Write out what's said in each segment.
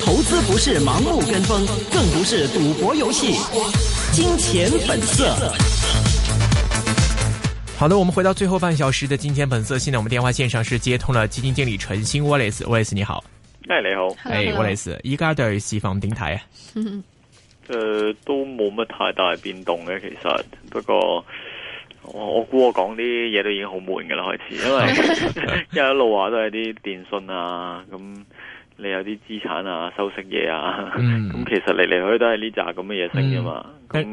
投資不是盲目跟風，更不是賭博遊戲。金錢本色。好的，我們回到最後半小時的《金錢本色》。現在我們電話線上是接通了基金經理陳昕 Wallace，Wallace 你好。哎，你好。哎，Wallace，依家對市況點睇啊？呃， uh, 都冇乜太大變動呢。其實。不過。我估我講啲嘢都已經好悶噶啦，開始，因為 一路話都係啲電訊啊，咁你有啲資產啊、收息嘢啊，咁、嗯、其實嚟嚟去去都係呢扎咁嘅嘢升啫嘛。咁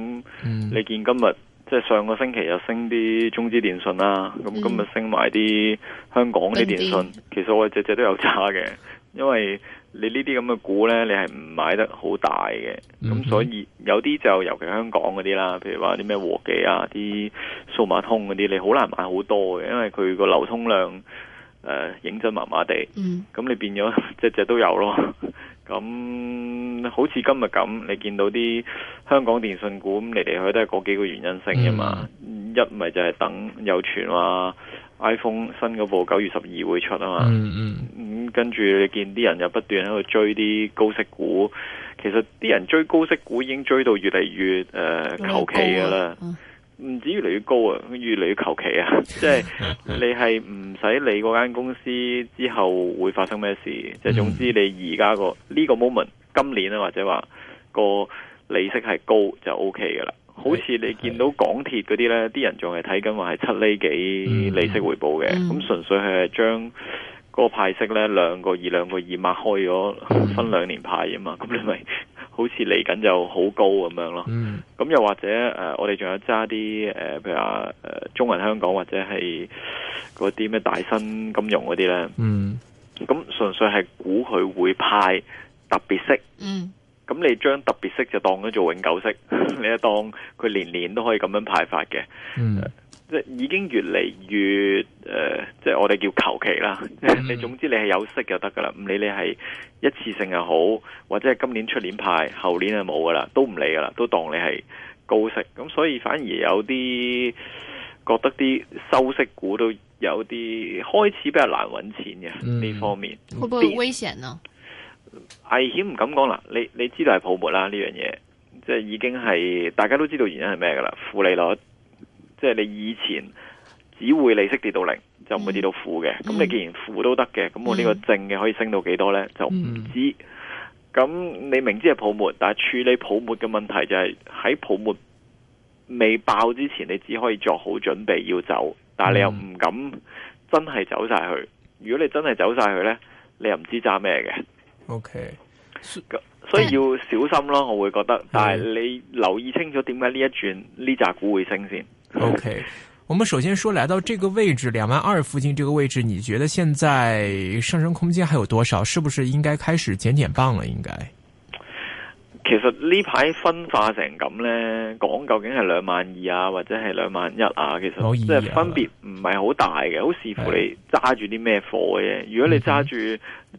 你見今日即係上個星期又升啲中資電訊啦、啊，咁今日升埋啲香港啲電訊資其實我只只都有差嘅，因為。你呢啲咁嘅股呢，你係唔買得好大嘅，咁、嗯、哼所以有啲就尤其香港嗰啲啦，譬如話啲咩和記啊、啲數碼通嗰啲，你好難買好多嘅，因為佢個流通量誒認真麻麻地，咁、呃嗯、你變咗只只都有咯。咁好似今日咁，你見到啲香港電信股嚟嚟去去都係嗰幾個原因性㗎嘛，嗯啊、一咪就係等有傳話、啊。iPhone 新嗰部九月十二會出啊嘛，嗯嗯、跟住你見啲人又不斷喺度追啲高息股，其實啲人追高息股已經追到越嚟越誒求其噶啦，唔、呃嗯、止越嚟越高啊，越嚟越求其啊，即係、嗯 就是、你係唔使理嗰間公司之後會發生咩事，即、就、係、是、總之你而家、嗯、個呢個 moment 今年啊或者話、個利息係高就 OK 噶啦。好似你見到港鐵嗰啲呢，啲人仲係睇緊話係七厘幾利息回報嘅，咁、嗯、純粹係將嗰個派息呢兩個二兩個二擘開咗，分兩年派啊嘛，咁、嗯、你咪好似嚟緊就好高咁樣咯。咁、嗯、又或者、呃、我哋仲有揸啲、呃、譬如話、呃、中銀香港或者係嗰啲咩大新金融嗰啲呢。咁、嗯、純粹係估佢會派特別息。嗯咁你將特別息就當咗做永久息，你又當佢年年都可以咁樣派發嘅，即係、嗯、已經越嚟越誒，即、呃、係、就是、我哋叫求其啦。嗯、你總之你係有息就得噶啦，唔理你係一次性又好，或者係今年出年派，後年就冇噶啦，都唔理噶啦，都當你係高息。咁所以反而有啲覺得啲收息股都有啲開始比較難搵錢嘅呢、嗯、方面，會唔會危險呢？危險唔敢講啦，你你知道係泡沫啦，呢樣嘢，即係已經係大家都知道原因係咩嘅啦，負利率，即係你以前只會利息跌到零，就唔會跌到負嘅。咁、嗯、你既然負都得嘅，咁、嗯、我呢個正嘅可以升到幾多呢？就唔知。咁、嗯、你明知係泡沫，但係處理泡沫嘅問題就係、是、喺泡沫未爆之前，你只可以做好準備要走，但係你又唔敢真係走晒去。嗯、如果你真係走晒去呢，你又唔知揸咩嘅。OK，所以要小心咯，我會覺得。哎、但係你留意清楚點解呢一轉呢隻股會升先。OK，我們首先說來到這個位置兩萬二附近，這個位置你覺得現在上升空間還有多少？是不是應該開始減減磅了？應該？其實呢排分化成咁呢，講究竟係兩萬二啊，或者係兩萬一啊，其實即係分別唔係好大嘅，好視、啊、乎你揸住啲咩貨嘅啫。的如果你揸住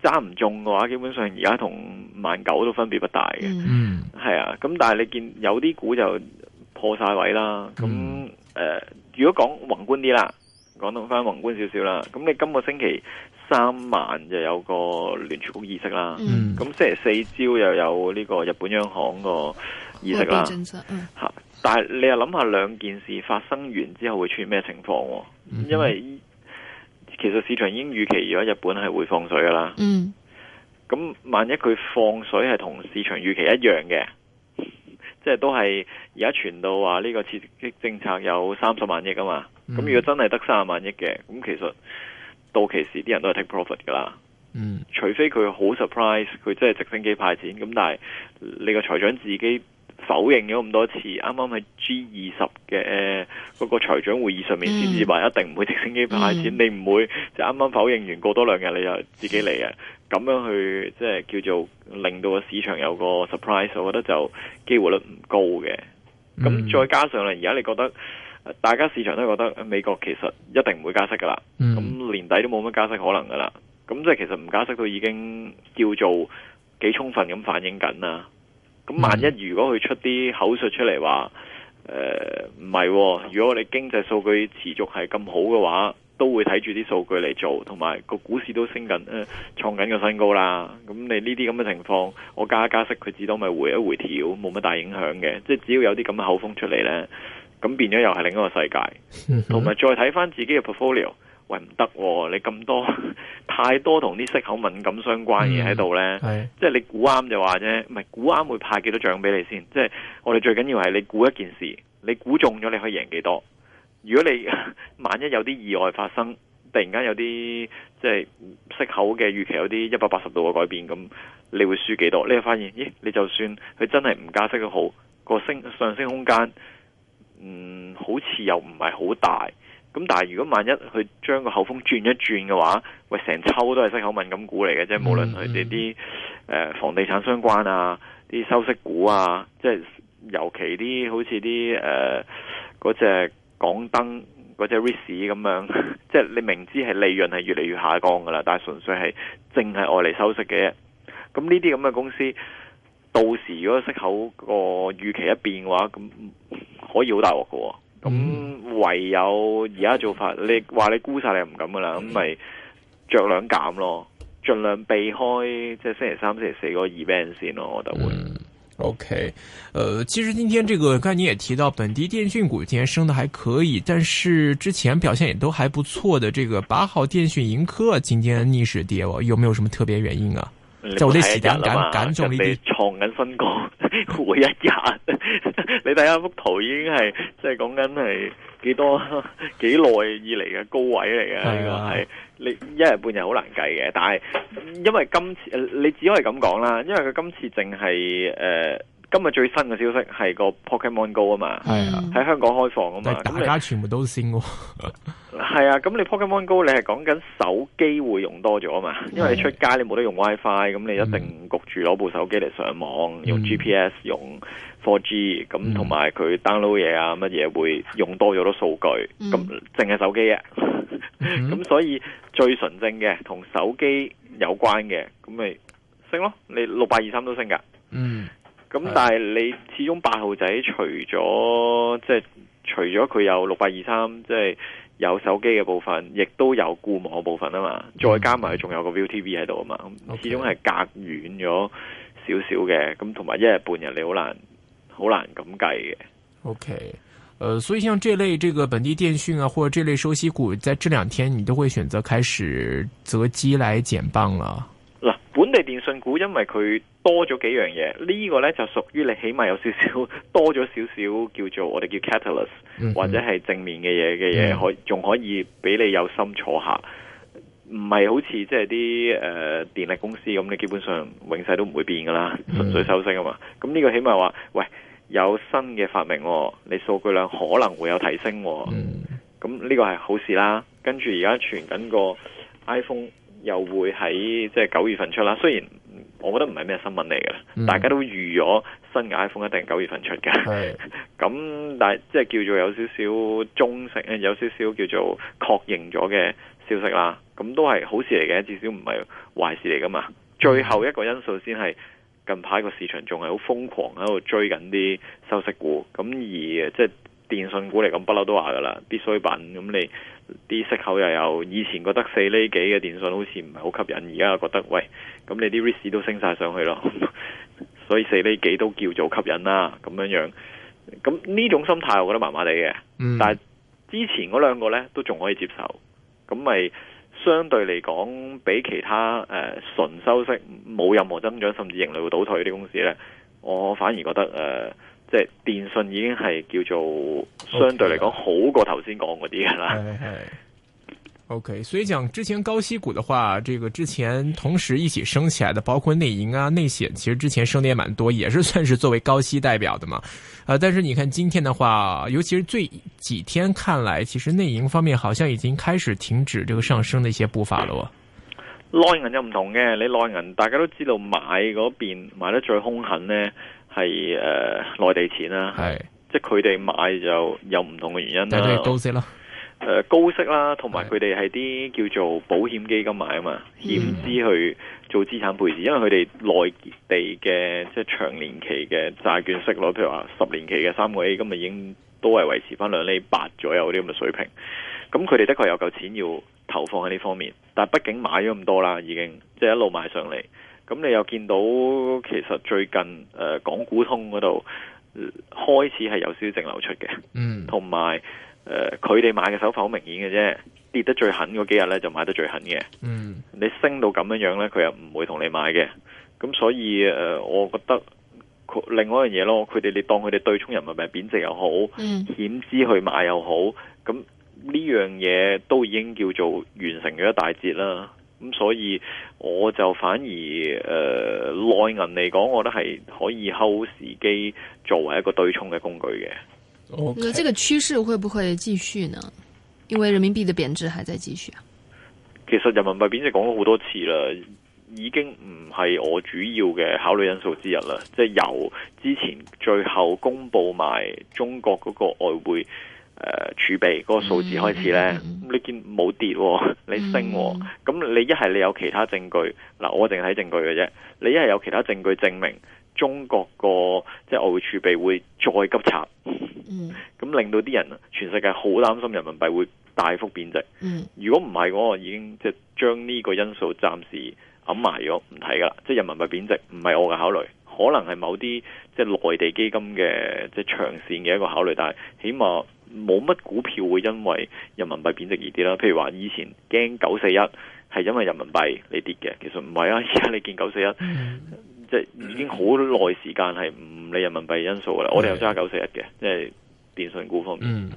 揸唔中嘅話，基本上而家同萬九都分別不大嘅。嗯，係啊。咁但係你見有啲股就破晒位啦。咁誒、嗯、呃，如果講宏觀啲啦，講到翻宏觀少少啦。咁你今個星期。三萬就有個聯儲局議息啦，咁、嗯、即係四朝又有呢個日本央行個議息啦。吓，嗯、但係你又諗下兩件事發生完之後會出現咩情況、啊？嗯、因為其實市場已經預期如果日本係會放水噶啦。咁、嗯、萬一佢放水係同市場預期一樣嘅，即、就、係、是、都係而家傳到話呢個刺激政策有三十萬億吖嘛？咁、嗯、如果真係得三十萬億嘅，咁其實。到期時啲人都係 take profit 㗎啦，嗯、除非佢好 surprise，佢真係直升機派錢。咁但係你個財長自己否認咗咁多次，啱啱喺 G 二十嘅嗰個財長會議上面先至話一定唔會直升機派錢，嗯嗯、你唔會就啱啱否認完過多兩日你就自己嚟啊，咁樣去即係叫做令到個市場有個 surprise，我覺得就機會率唔高嘅。咁、嗯、再加上啦，而家你覺得？大家市場都覺得美國其實一定唔會加息噶啦，咁年底都冇乜加息可能噶啦，咁即係其實唔加息都已經叫做幾充分咁反映緊啦。咁萬一如果佢出啲口述出嚟話，誒唔係，如果我哋經濟數據持續係咁好嘅話，都會睇住啲數據嚟做，同埋個股市都升緊，誒、呃、創緊個新高啦。咁你呢啲咁嘅情況，我加一加息佢至多咪回一回調，冇乜大影響嘅，即係只要有啲咁嘅口風出嚟呢。咁變咗又係另一個世界，同埋是再睇翻自己嘅 portfolio，喂，唔得喎，你咁多太多同啲息口敏感相關嘅喺度呢，即係是是 你估啱就話啫，唔係估啱會派幾多獎俾你先？即係我哋最緊要係你估一件事，你估中咗你可以贏幾多？如果你萬一有啲意外發生，突然間有啲即係息口嘅預期有啲一百八十度嘅改變，咁你會輸幾多？你又發現咦，你就算佢真係唔加息都好，個升上升空間。嗯，好似又唔係好大，咁但係如果萬一佢將個口風轉一轉嘅話，喂，成抽都係息口敏感股嚟嘅啫，嗯嗯、無論佢哋啲誒房地產相關啊，啲收息股啊，即係尤其啲好似啲誒嗰隻港燈嗰隻 r i s 咁樣，即係你明知係利潤係越嚟越下降噶啦，但係純粹係淨係愛嚟收息嘅，咁呢啲咁嘅公司，到時如果息口個預期一變嘅話，咁。可以好大鑊嘅，咁唯有而家做法，你話你估晒你唔敢噶啦，咁咪着兩減咯，盡量避開即係星期三、星期四嗰個 event 先咯，我覺得會。嗯，OK，呃，其實今天這個，剛你也提到本地電訊股，今天升得還可以，但是之前表現也都還不錯的，這個八號電訊盈科，今天逆勢跌，有沒有什麼特別原因啊？就啲時間揀揀中呢啲，創緊新高，每一日。 你睇下幅圖已經係即係講緊係幾多幾耐以嚟嘅高位嚟嘅，呢個係你一日半日好難計嘅。但係因為今次你只可以咁講啦，因為佢今次淨係誒今日最新嘅消息係個 Pokemon Go 啊嘛，喺、啊、香港開放啊嘛，但係大家你全部都先喎、哦。 係啊，咁你 Pokemon Go 你係講緊手機會用多咗啊嘛，因為你出街你冇得用 WiFi，咁你一定焗住攞部手機嚟上網，嗯、用 GPS，用 4G，咁同埋佢、嗯、download 嘢啊乜嘢會用多咗多數據，咁淨係手機嘅，咁、嗯、 所以最純正嘅同手機有關嘅，咁咪升咯，你六百二三都升噶，嗯，咁但係你始終八號仔除咗即係除咗佢有六百二三，即係。有手機嘅部分，亦都有固網部分啊嘛，再加埋仲有個 ViuTV 喺度啊嘛，始終係隔遠咗少少嘅，咁同埋一日半日你好難好難咁計嘅。O、okay. K，呃，所以像這類這個本地電訊啊，或者這類收息股，在這兩天你都會選擇開始擇機來減磅啦。即係電信股，因為佢多咗幾樣嘢，呢、這個呢，就屬於你起碼有少少多咗少少叫做我哋叫 catalyst、嗯嗯、或者係正面嘅嘢嘅嘢，可仲、嗯、可以俾你有心坐下。唔係好似即係啲誒電力公司咁，你基本上永世都唔會變噶啦，純粹收息啊嘛。咁呢、嗯、個起碼話，喂，有新嘅發明、哦，你數據量可能會有提升、哦，咁呢、嗯、個係好事啦。跟住而家傳緊個 iPhone。又會喺即係九月份出啦。雖然我覺得唔係咩新聞嚟嘅，嗯、大家都預咗新嘅 iPhone 一定九月份出嘅。咁是、嗯、但係即係叫做有少少中性，有少少叫做確認咗嘅消息啦。咁、嗯、都係好事嚟嘅，至少唔係壞事嚟㗎嘛。最後一個因素先係近排個市場仲係好瘋狂喺度追緊啲收息股，咁、嗯、而即係。電信股嚟講，不嬲都話噶啦，必需品咁，你啲息口又有，以前覺得四厘幾嘅電信好似唔係好吸引，而家又覺得喂，咁你啲 risk 都升晒上去咯，所以四厘幾都叫做吸引啦、啊，咁樣樣，咁呢種心態我覺得麻麻地嘅，但係之前嗰兩個呢都仲可以接受，咁咪相對嚟講比其他誒純、呃、收息冇任何增長甚至盈利會倒退啲公司呢，我反而覺得誒。呃即係電信已經係叫做相對嚟講好過頭先講嗰啲噶啦。O K，所以講之前高息股的話，這個之前同時一起升起來的，包括內銀啊、內險，其實之前升得也蠻多，也是算是作為高息代表的嘛。啊，但是你看今天的話，尤其是最幾天，看來其實內銀方面好像已經開始停止這個上升的一些步伐咯。內銀又唔同嘅，你內銀大家都知道買嗰邊買得最凶狠呢。係誒，內、呃、地錢啦、啊，係是即係佢哋買就有唔同嘅原因啦。對對對，高息啦誒、呃，高息啦，同埋佢哋係啲叫做保險基金買啊嘛，險資是去做資產配置，嗯、因為佢哋內地嘅即係長年期嘅債券息，攞譬如話十年期嘅三個 A，咁啊已經都係維持翻兩厘八左右啲咁嘅水平。咁佢哋的確有嚿錢要投放喺呢方面，但係畢竟買咗咁多啦，已經即係一路買上嚟。咁你又見到其實最近誒港股通嗰度、呃、開始係有少少淨流出嘅，嗯，同埋誒佢哋買嘅手法好明顯嘅啫，跌得最狠嗰幾日咧就買得最狠嘅，嗯，你升到咁樣樣咧，佢又唔會同你買嘅，咁所以誒、呃，我覺得另外一樣嘢咯，佢哋你當佢哋對沖人民幣貶值又好，嗯，險資去買又好，咁呢樣嘢都已經叫做完成咗一大截啦。咁、嗯、所以我就反而誒，內銀嚟講，我覺得係可以 hold 時機作為一個對沖嘅工具嘅。咁，呢個趨勢會不會繼續呢？因為人民幣嘅貶值還在繼續啊。其實人民幣貶值講咗好多次啦，已經唔係我主要嘅考慮因素之一啦。即係由之前最後公布埋中國嗰個外匯。誒，儲、呃、備嗰個數字開始呢，mm hmm. 你見冇跌、啊，你升、啊，咁、mm hmm. 你一係你有其他證據嗱，我淨係睇證據嘅啫。你一係有其他證據證明中國個即係外匯儲備會再急插，咁、mm hmm. 令到啲人全世界好擔心人民幣會大幅貶值。Mm hmm. 如果唔係我已經即係將呢個因素暫時揞埋咗唔睇噶啦，即係人民幣貶值唔係我嘅考慮，可能係某啲即係內地基金嘅即係長線嘅一個考慮，但係起碼。冇乜股票會因為人民幣貶值而跌啦，譬如話以前驚九四一係因為人民幣你跌嘅，其實唔係啊，而家你見九四一，即係已經好耐時間係唔理人民幣因素嘅啦。嗯、我哋又揸九四一嘅，即係電信股方面。嗯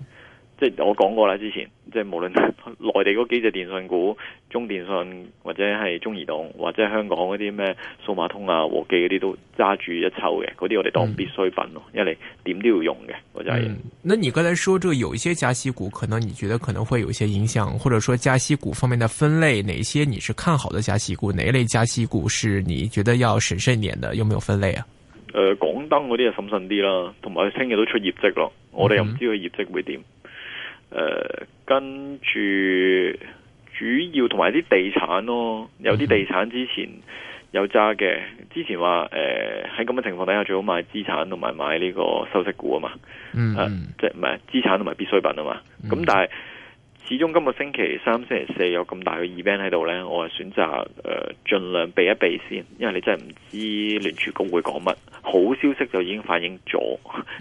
即係我講過啦，之前即係無論內地嗰幾隻電信股，中電信或者係中移動，或者香港嗰啲咩數碼通啊、和記嗰啲都揸住一籌嘅，嗰啲我哋當必需品咯，嗯、因為點都要用嘅。我就係，那你剛才說，就、這個、有一些加息股，可能你覺得可能會有一些影響，或者說加息股方面的分類，哪些你是看好的加息股？哪一類加息股是你覺得要審慎一點的？有冇有分類啊？誒、呃，港燈嗰啲就審慎啲啦，同埋聽日都出業績咯，我哋又唔知、嗯、知道業績會點。誒、呃，跟住主要同埋啲地產咯，有啲地產之前有揸嘅，之前話誒喺咁嘅情況底下最好買資產同埋買呢個收息股啊嘛，嗯，嗯、啊，即係唔係資產同埋必需品啊嘛，咁但係。嗯嗯始終今個星期三、星期四有咁大嘅 event 喺度呢，我係選擇誒盡量避一避先，因為你真係唔知聯儲局會講乜。好消息就已經反映咗，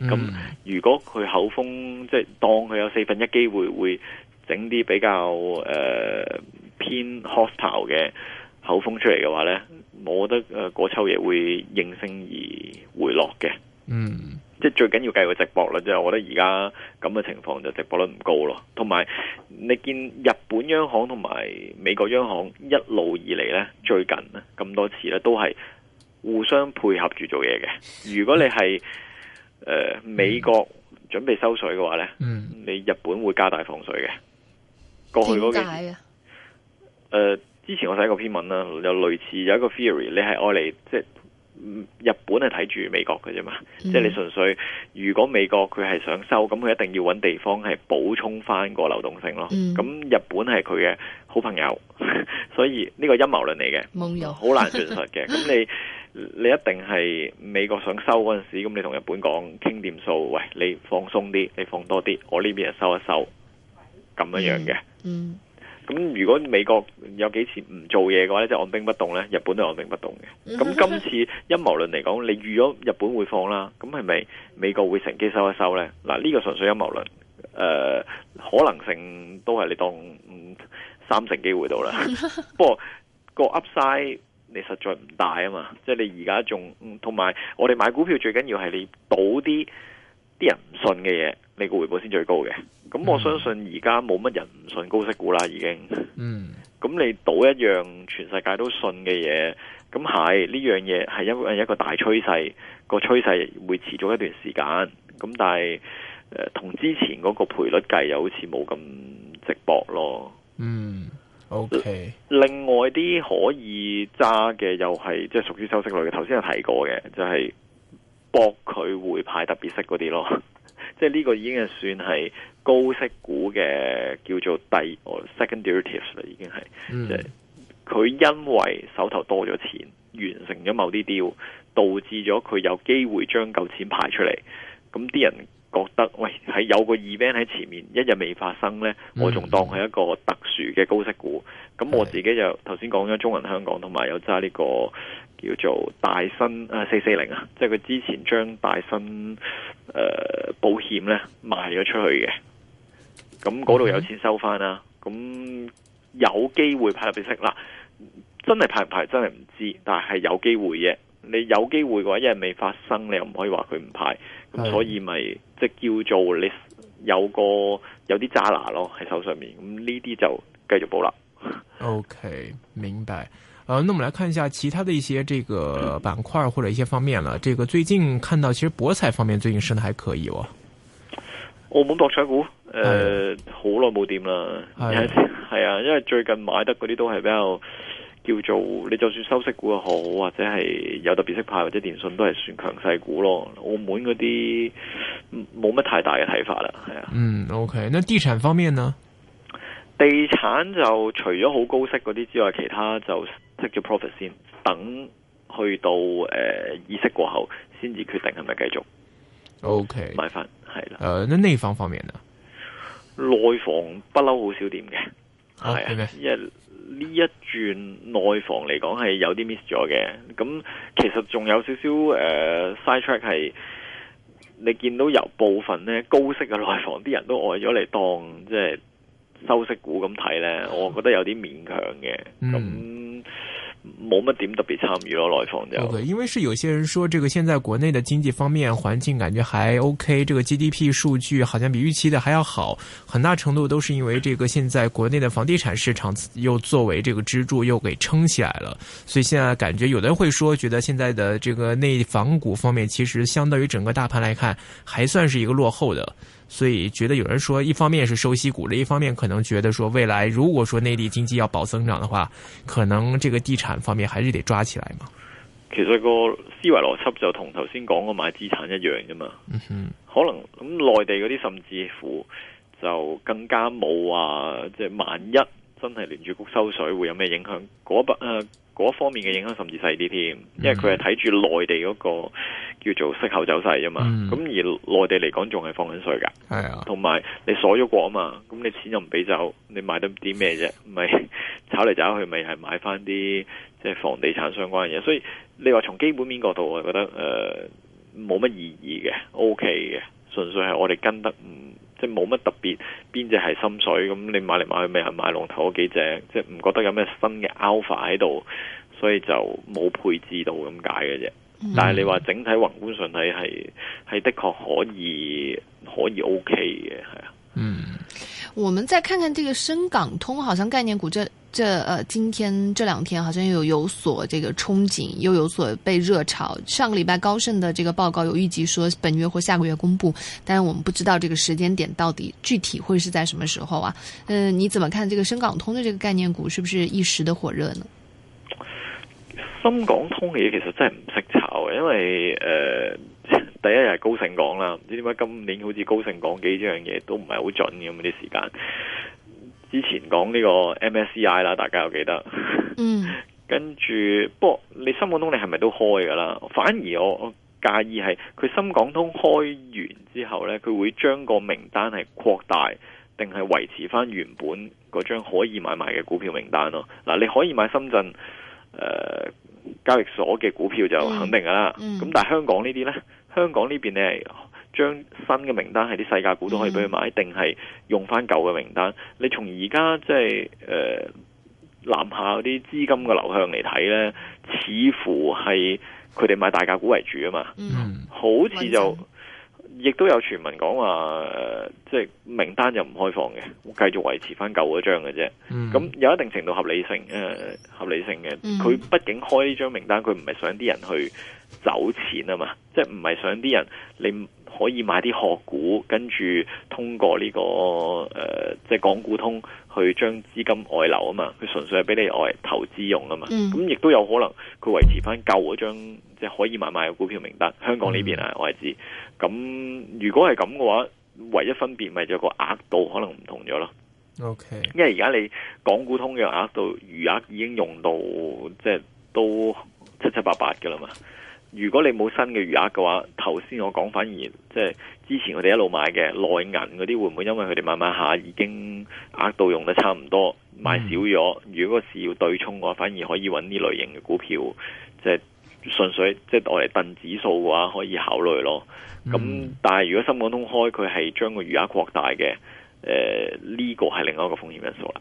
咁、嗯、如果佢口風即係當佢有四分一機會會整啲比較誒、呃、偏 hostile 嘅口風出嚟嘅話呢，我覺得誒嗰秋夜會應聲而回落嘅。嗯。即係最緊要計個直播即啫，我覺得而家咁嘅情況就直播率唔高咯。同埋你見日本央行同埋美國央行一路以嚟呢，最近咁多次呢都係互相配合住做嘢嘅。如果你係誒、呃、美國準備收水嘅話呢，嗯、你日本會加大放水嘅。過去嗰幾誒，之前我睇過一篇文啦，有類似有一個 theory，你係愛嚟即日本係睇住美國嘅啫嘛，即係、嗯、你純粹如果美國佢係想收，咁佢一定要揾地方係補充翻個流動性咯。咁、嗯、日本係佢嘅好朋友， 所以呢個陰謀論嚟嘅，好遊難證實嘅。咁 你你一定係美國想收嗰陣時，咁你同日本講傾掂數，喂，你放鬆啲，你放多啲，我呢邊就收一收，咁樣樣嘅。嗯嗯咁如果美國有幾次唔做嘢嘅話咧，就是、按兵不動咧，日本都按兵不動嘅。咁今次陰謀論嚟講，你預咗日本會放啦，咁係咪美國會乘機收一收咧？嗱、啊，呢、呢個純粹陰謀論，誒、呃、可能性都係你當、嗯、三成機會到啦。 不過個 Upside 你實在唔大啊嘛，即、就、係、是、你而家仲同埋我哋買股票最緊要係你賭啲啲人唔信嘅嘢。你個回報先最高嘅，咁我相信而家冇乜人唔信高息股啦，已經。嗯。咁你賭一樣全世界都信嘅嘢，咁係呢樣嘢係因為一個大趨勢，個趨勢會持續一段時間。咁但係，呃同之前嗰個賠率計又好似冇咁直博咯。嗯。O K。另外啲可以揸嘅又係即係屬於收息類嘅，頭先有提過嘅，就係博佢回派特別息嗰啲咯。即係呢個已經係算係高息股嘅叫做第二第二 tips 啦，已經係，嗯、即係佢因為手頭多咗錢，完成咗某啲 deal，導致咗佢有機會將嚿錢排出嚟。咁啲人覺得喂喺有個 event 喺前面，一日未發生呢，我仲當係一個特殊嘅高息股。咁、嗯、我自己就頭先講咗中銀香港，同埋有揸呢、這個。叫做大新啊，四四零啊，即係佢之前將大新誒、呃、保險咧賣咗出去嘅，咁嗰度有錢收翻啦、啊，咁 Okay. 有機會派入俾息啦，真係派唔派真係唔知，但係係有機會嘅，你有機會嘅話，因為未發生，你又唔可以話佢唔派，咁、uh. 所以咪即係叫做你有個有啲揸拿咯喺手上面，咁呢啲就繼續保留。OK，明白。啊，那我們來看一下其他的一些這個板塊或者一些方面啦。這個最近看到，其實博彩方面最近升得還可以哦。澳門博彩股，誒、呃，好耐冇掂啦。係係啊，因為最近買得嗰啲都係比較叫做，你就算收息股又好，或者係有特別息派或者電信都係算強勢股咯。澳門嗰啲冇乜太大嘅睇法啦。係啊。嗯，OK。那地產方面呢？地產就除咗好高息嗰啲之外，其他就。take 咗 profit 先，等去到誒、呃、意識過後，先至決定係咪繼續。OK，買翻係啦。誒、uh,，呢內房方面啊，內房不嬲好少點嘅，係啊，因為呢一轉內房嚟講係有啲 miss 咗嘅。咁其實仲有少少誒、呃、side track 係你見到有部分咧高息嘅內房啲人都愛咗嚟當即係、就是、收息股咁睇咧，我覺得有啲勉強嘅。咁、mm. 冇乜點特別參與咯，因為是有些人說，這個現在國內的經濟方面環境感覺還 OK，這個 GDP 數據好像比預期的還要好，很大程度都是因為這個現在國內的房地產市場又作為這個支柱又給撐起來了，所以現在感覺有的人會說，覺得現在的這個內房股方面其實相對於整個大盤來看，還算是一個落後的。所以覺得有人說，一方面是收息股，另一方面可能覺得說，未來如果說內地經濟要保增長的話，可能這個地產方面還是得抓起來嘛。其實個思維邏輯就同頭先講個買資產一樣啫嘛。嗯哼，可能咁內地嗰啲甚至乎就更加冇話，即係萬一真係連住谷收水會有咩影響嗰筆，呃嗰方面嘅影響甚至細啲添，因為佢係睇住內地嗰、那個、mm hmm. 叫做息口走勢啊嘛。咁、mm hmm. 而內地嚟講仲係放緊水㗎，係啊、mm。同、hmm. 埋你鎖咗國啊嘛，咁你錢又唔俾走，你買得啲咩啫？唔係 炒嚟炒去是，咪係買翻啲即係房地產相關嘅嘢。所以你話從基本面角度，我覺得誒冇乜意義嘅，OK 嘅，純粹係我哋跟得唔～、嗯即冇乜特別，邊隻係深水咁？你買嚟買去咪係買龍頭嗰幾隻，即唔覺得有咩新嘅 alpha 喺度，所以就冇配置到咁解嘅啫。但係你話整體宏觀上睇係係的確可以可以 OK 嘅，係啊。嗯，我哋再看看呢個深港通，好像概念股正。這呃，今天這兩天好像又有所這個憧憬，又有所被熱炒。上個禮拜高盛的這個報告，有預計說本月或下個月公布，但是我們不知道這個時間點到底具體會是在什麼時候啊？嗯、呃，你怎麼看這個深港通的這個概念股是不是一時的火熱呢？深港通的嘢，其實真係唔識炒嘅，因為誒、呃，第一日係高盛講啦，唔知點解今年好似高盛講幾樣嘢都唔係好準咁啲時間。之前講呢個 MSCI 啦，大家又記得。嗯，跟住，不過你深港通你係咪都開噶啦？反而我我介意係佢深港通開完之後呢，佢會將個名單係擴大，定係維持翻原本嗰張可以買賣嘅股票名單咯。嗱，你可以買深圳誒、呃、交易所嘅股票就肯定噶啦。咁、嗯嗯、但係香港呢啲呢，香港呢邊呢。張新嘅名單係啲細價股都可以俾佢買，定係、嗯、用翻舊嘅名單？你從而家即係誒南下嗰啲資金嘅流向嚟睇呢，似乎係佢哋買大價股為主啊嘛。嗯、好似就亦正都有傳聞講話、呃，即係名單就唔開放嘅，我繼續維持翻舊嗰張嘅啫。咁、嗯、有一定程度合理性，誒、呃，合理性嘅。佢、嗯、畢竟開呢張名單，佢唔係想啲人去走錢啊嘛，即係唔係想啲人你。可以買啲學股，跟住通過呢、呢個誒、呃，即係港股通去將資金外流啊嘛，佢純粹係俾你外投資用啊嘛。咁亦都有可能佢維持翻舊嗰張即係可以買賣嘅股票名單，香港呢邊啊，我係知。咁、嗯、如果係咁嘅話，唯一分別咪就個額度可能唔同咗咯。OK，因為而家你港股通嘅額度餘額已經用到即係都七七八八㗎啦嘛。如果你冇新嘅餘額嘅話，頭先我講反而即係之前我哋一路買嘅內銀嗰啲，會唔會因為佢哋慢慢下已經額度用得差唔多，買少咗？如果個市要對沖嘅話，反而可以揾呢類型嘅股票，即係純粹即係我哋跟指數嘅話，可以考慮咯。咁但係如果深港通開，佢係將個餘額擴大嘅，誒呢個係另外一個風險因素啦。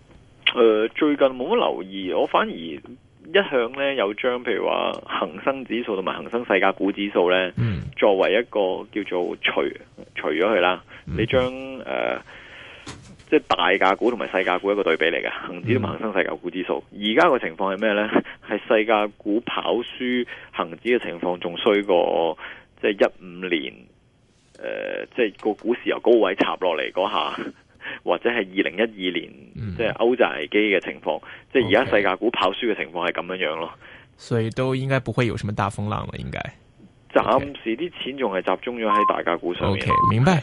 誒、呃，最近冇乜留意，我反而一向咧有將，譬如話恒生指數同埋恒生細價股指數咧，作為一個叫做除除咗佢啦，你將誒，即、呃、係、就是、大價股同埋細價股一個對比嚟嘅恒指同埋恒生細價股指數，而家個情況係咩咧？係細價股跑輸恒指嘅情況，仲衰過即係一五年，誒、呃，即係個股市由高位插落嚟嗰下。或者係二零一二年，嗯、即係歐債危機嘅情況，即係而家世界股跑輸嘅情況係咁樣樣咯，所以都應該不會有什麼大風浪啦，應該暫時啲錢仲係集中咗喺大價股上面。OK，明白。